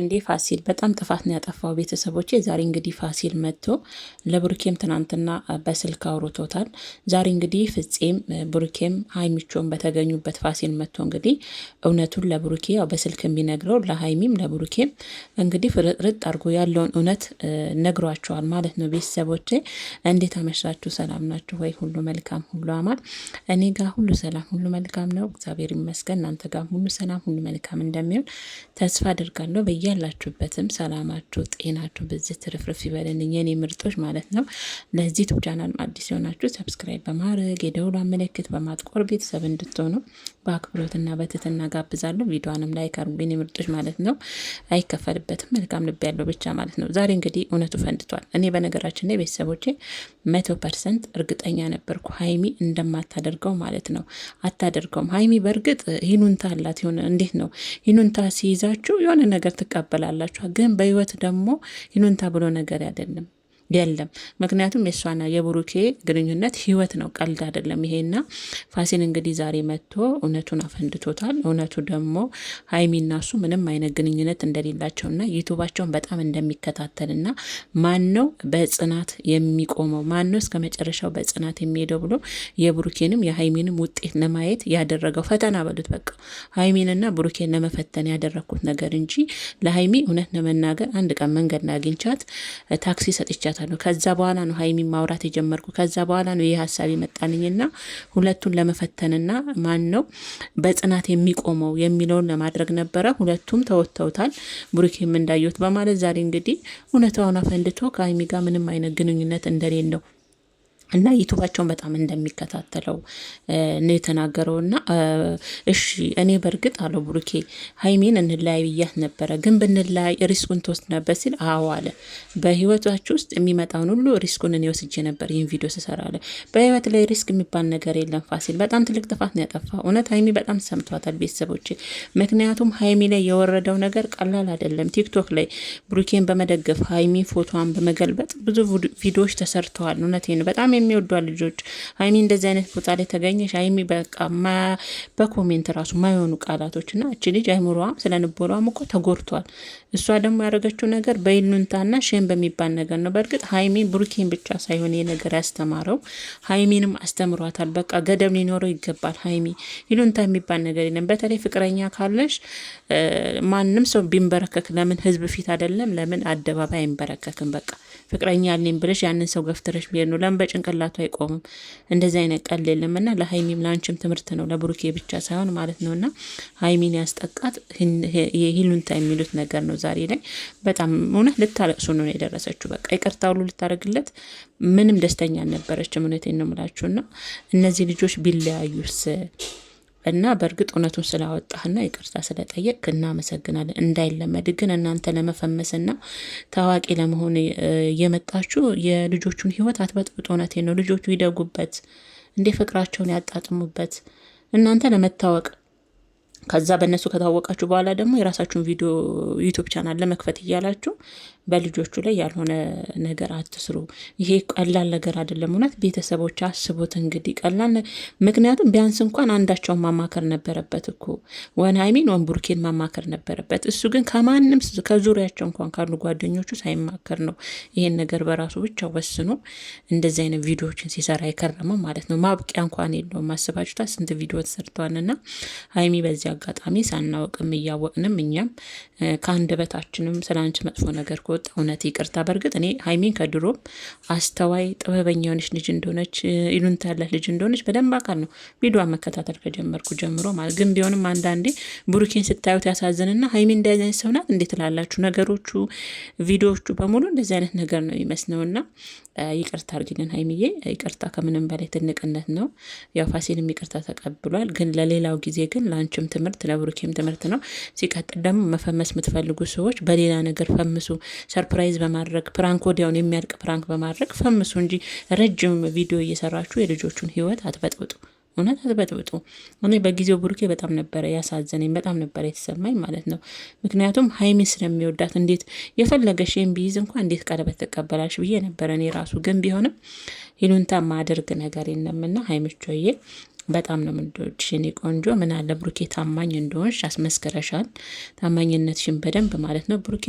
እንዴ ፋሲል በጣም ጥፋት ነው ያጠፋው። ቤተሰቦች ዛሬ እንግዲህ ፋሲል መጥቶ ለብሩኬም ትናንትና በስልክ አውርቶታል። ዛሬ እንግዲህ ፍፄም ብሩኬም ሀይሚቾን በተገኙበት ፋሲል መጥቶ እንግዲህ እውነቱን ለብሩኬ ያው በስልክ የሚነግረው ለሀይሚም ለብሩኬም እንግዲህ ፍርጥርጥ አድርጎ ያለውን እውነት ነግሯቸዋል ማለት ነው። ቤተሰቦች እንዴት አመሻችሁ? ሰላም ናችሁ ወይ? ሁሉ መልካም ሁሉ አማን። እኔ ጋር ሁሉ ሰላም ሁሉ መልካም ነው፣ እግዚአብሔር ይመስገን። እናንተ ጋር ሁሉ ሰላም ሁሉ መልካም እንደሚሆን ተስፋ አድርጋለሁ። በያላችሁበትም ሰላማችሁ፣ ጤናችሁ በዚህ ትርፍርፍ ይበልልኝ የኔ ምርጦች ማለት ነው። ለዚህ ዩቱብ ቻናል አዲስ የሆናችሁ ሰብስክራይብ በማድረግ የደውሉ ምልክት በማጥቆር ቤተሰብ እንድትሆኑ በአክብሮትና በትትና ጋብዛለሁ። ቪዲዮንም ላይክ አድርጉ የኔ ምርጦች ማለት ነው። አይከፈልበትም፣ መልካም ልብ ያለው ብቻ ማለት ነው። ዛሬ እንግዲህ እውነቱ ፈንድቷል። እኔ በነገራችን ላይ ቤተሰቦቼ መቶ ፐርሰንት እርግጠኛ ነበርኩ ሀይሚ እንደማታደርገው ማለት ነው። አታደርገውም ሀይሚ በእርግጥ ሂኑንታ አላት። የሆነ እንዴት ነው ሂኑንታ ሲይዛችሁ የሆነ ነገር ትክ ትቀበላላችኋል። ግን በህይወት ደግሞ ይኑንታ ብሎ ነገር አይደለም። የለም። ምክንያቱም የእሷና የብሩኬ ግንኙነት ህይወት ነው፣ ቀልድ አይደለም። ይሄና ፋሲል እንግዲህ ዛሬ መጥቶ እውነቱን አፈንድቶታል። እውነቱ ደግሞ ሀይሚና እሱ ምንም አይነት ግንኙነት እንደሌላቸውና ዩቱባቸውን በጣም እንደሚከታተልና ማን ነው በጽናት የሚቆመው ማን ነው እስከ መጨረሻው በጽናት የሚሄደው ብሎ የብሩኬንም የሀይሚንም ውጤት ለማየት ያደረገው ፈተና በሉት በቃ ሀይሚንና ብሩኬን ለመፈተን ያደረግኩት ነገር እንጂ ለሀይሚ እውነት ለመናገር አንድ ቀን መንገድ ላይ አግኝቻት ታክሲ ሰጥቻት ነው። ከዛ በኋላ ነው ሀይሚ ማውራት የጀመርኩ። ከዛ በኋላ ነው ይህ ሀሳብ የመጣልኝና ሁለቱን ለመፈተንና ማን ነው በጽናት የሚቆመው የሚለውን ለማድረግ ነበረ። ሁለቱም ተወጥተውታል። ብሩኬም እንዳየሁት በማለት ዛሬ እንግዲህ እውነታውን አፈንድቶ ከሀይሚ ጋር ምንም አይነት ግንኙነት እንደሌለው እና ዩቱባቸውን በጣም እንደሚከታተለው ነው የተናገረው። እና እሺ እኔ በእርግጥ አለ ብሩኬ ሀይሜን እንለያይ ብያት ነበረ፣ ግን ብንለያይ ሪስኩን ትወስድ ነበር ሲል አዎ አለ። በህይወታችሁ ውስጥ የሚመጣውን ሁሉ ሪስኩን እኔ ወስጄ ነበር ይህን ቪዲዮ ስሰራ አለ። በህይወት ላይ ሪስክ የሚባል ነገር የለም ፋሲል። በጣም ትልቅ ጥፋት ነው ያጠፋ። እውነት ሀይሜ በጣም ሰምቷታል ቤተሰቦች። ምክንያቱም ሀይሜ ላይ የወረደው ነገር ቀላል አይደለም። ቲክቶክ ላይ ብሩኬን በመደገፍ ሀይሜ ፎቶዋን በመገልበጥ ብዙ ቪዲዮዎች ተሰርተዋል። እውነቴን በጣም የሚወዷ ልጆች ሀይሚ እንደዚህ አይነት ቦታ ላይ ተገኘሽ ሀይሚ በቃ በኮሜንት ራሱ ማይሆኑ ቃላቶች እና እች ልጅ አይምሮዋም ስለ ንቦሯም እኮ ተጎድቷል። እሷ ደግሞ ያደረገችው ነገር በይሉንታና ሼም በሚባል ነገር ነው። በእርግጥ ሀይሚ ብሩኬን ብቻ ሳይሆን ይህ ነገር ያስተማረው ሀይሚንም አስተምሯታል። በቃ ገደብ ሊኖረው ይገባል። ሀይሚ ይሉንታ የሚባል ነገር የለም። በተለይ ፍቅረኛ ካለሽ ማንም ሰው ቢንበረከክ ለምን ህዝብ ፊት አይደለም ለምን አደባባይ አይንበረከክም? በቃ ፍቅረኛ አለኝ ብለሽ ያንን ሰው ገፍትረሽ ቢሄድ ነው ለምን በጭንቀ ጭንቅላቱ አይቆምም። እንደዚህ አይነት ቀል የለም እና ለሀይሚም ለአንቺም ትምህርት ነው፣ ለብሩኬ ብቻ ሳይሆን ማለት ነው። እና ሀይሚን ያስጠቃት የሂሉንታ የሚሉት ነገር ነው። ዛሬ ላይ በጣም እውነት ልታለቅሱ ነው የደረሰችው። በቃ ይቅርታ ሁሉ ልታደርግለት ምንም ደስተኛ አልነበረችም። እውነቴን ነው የምላችሁ እና እነዚህ ልጆች ቢለያዩስ እና በእርግጥ እውነቱን ስላወጣህና ይቅርታ ስለጠየቅ እናመሰግናለን። እንዳይለመድ ግን እናንተ ለመፈመስና ታዋቂ ለመሆን የመጣችሁ የልጆቹን ህይወት አትበጥብጡ። እውነቴ ነው። ልጆቹ ይደጉበት እንዴ፣ ፍቅራቸውን ያጣጥሙበት እናንተ ለመታወቅ ከዛ በእነሱ ከታወቃችሁ በኋላ ደግሞ የራሳችሁን ቪዲዮ ዩቱብ ቻናል ለመክፈት እያላችሁ በልጆቹ ላይ ያልሆነ ነገር አትስሩ። ይሄ ቀላል ነገር አይደለም። እውነት ቤተሰቦች አስቡት እንግዲህ ቀላል ምክንያቱም ቢያንስ እንኳን አንዳቸውን ማማከር ነበረበት እኮ ወን ሀይሚን ወን ቡርኬን ማማከር ነበረበት። እሱ ግን ከማንም ከዙሪያቸው እንኳን ካሉ ጓደኞቹ ሳይማከር ነው ይሄን ነገር በራሱ ብቻ ወስኖ እንደዚህ አይነት ቪዲዮዎችን ሲሰራ የከረመው ማለት ነው። ማብቂያ እንኳን የለውም። አስባችሁታ ስንት ቪዲዮ ተሰርተዋልና ሀይሚ በዚያ አጋጣሚ ሳናወቅም እያወቅንም እኛም ከአንደበታችንም ስለ አንቺ መጥፎ ነገር ከወጣ እውነት ይቅርታ። በእርግጥ እኔ ሀይሚን ከድሮም አስተዋይ ጥበበኛ የሆነች ልጅ እንደሆነች ይሉንታ ያላት ልጅ እንደሆነች በደንብ አካል ነው ቪዲዮ መከታተል ከጀመርኩ ጀምሮ ማለት ግን ቢሆንም አንዳንዴ ብሩኬን ስታዩት ያሳዝንና ሀይሚ እንደዚህ አይነት ሰው ናት እንዴት ላላችሁ ነገሮቹ ቪዲዮዎቹ በሙሉ እንደዚህ አይነት ነገር ነው ይመስነውና ይቅርታ አድርጊልን ሀይሚዬ። ይቅርታ ከምንም በላይ ትንቅነት ነው። ያው ፋሲልም ይቅርታ ተቀብሏል። ግን ለሌላው ጊዜ ግን ለአንቺም ትምህርት ለብሩኬም ትምህርት ነው። ሲቀጥል ደግሞ መፈመስ የምትፈልጉ ሰዎች በሌላ ነገር ፈምሱ። ሰርፕራይዝ በማድረግ ፕራንክ፣ ወዲያውን የሚያልቅ ፕራንክ በማድረግ ፈምሱ እንጂ ረጅም ቪዲዮ እየሰራችሁ የልጆቹን ህይወት አትበጥብጡ። እውነት አትበጥብጡ። እኔ በጊዜው ብሩኬ በጣም ነበረ ያሳዘነኝ፣ በጣም ነበረ የተሰማኝ ማለት ነው። ምክንያቱም ሀይሚ ስለሚወዳት እንዴት የፈለገሽ ይህን ቢይዝ እንኳ እንዴት ቀለበት ትቀበላሽ ብዬ ነበረ እኔ ራሱ። ግን ቢሆንም ሂሉንታ ማደርግ ነገር የለምና ሀይምቾዬ በጣም ነው የምንወድሽ የኔ ቆንጆ። ምን አለ ብሩኬ ታማኝ እንደሆንሽ አስመስክረሻል። ታማኝነትሽን በደንብ ማለት ነው ብሩኬ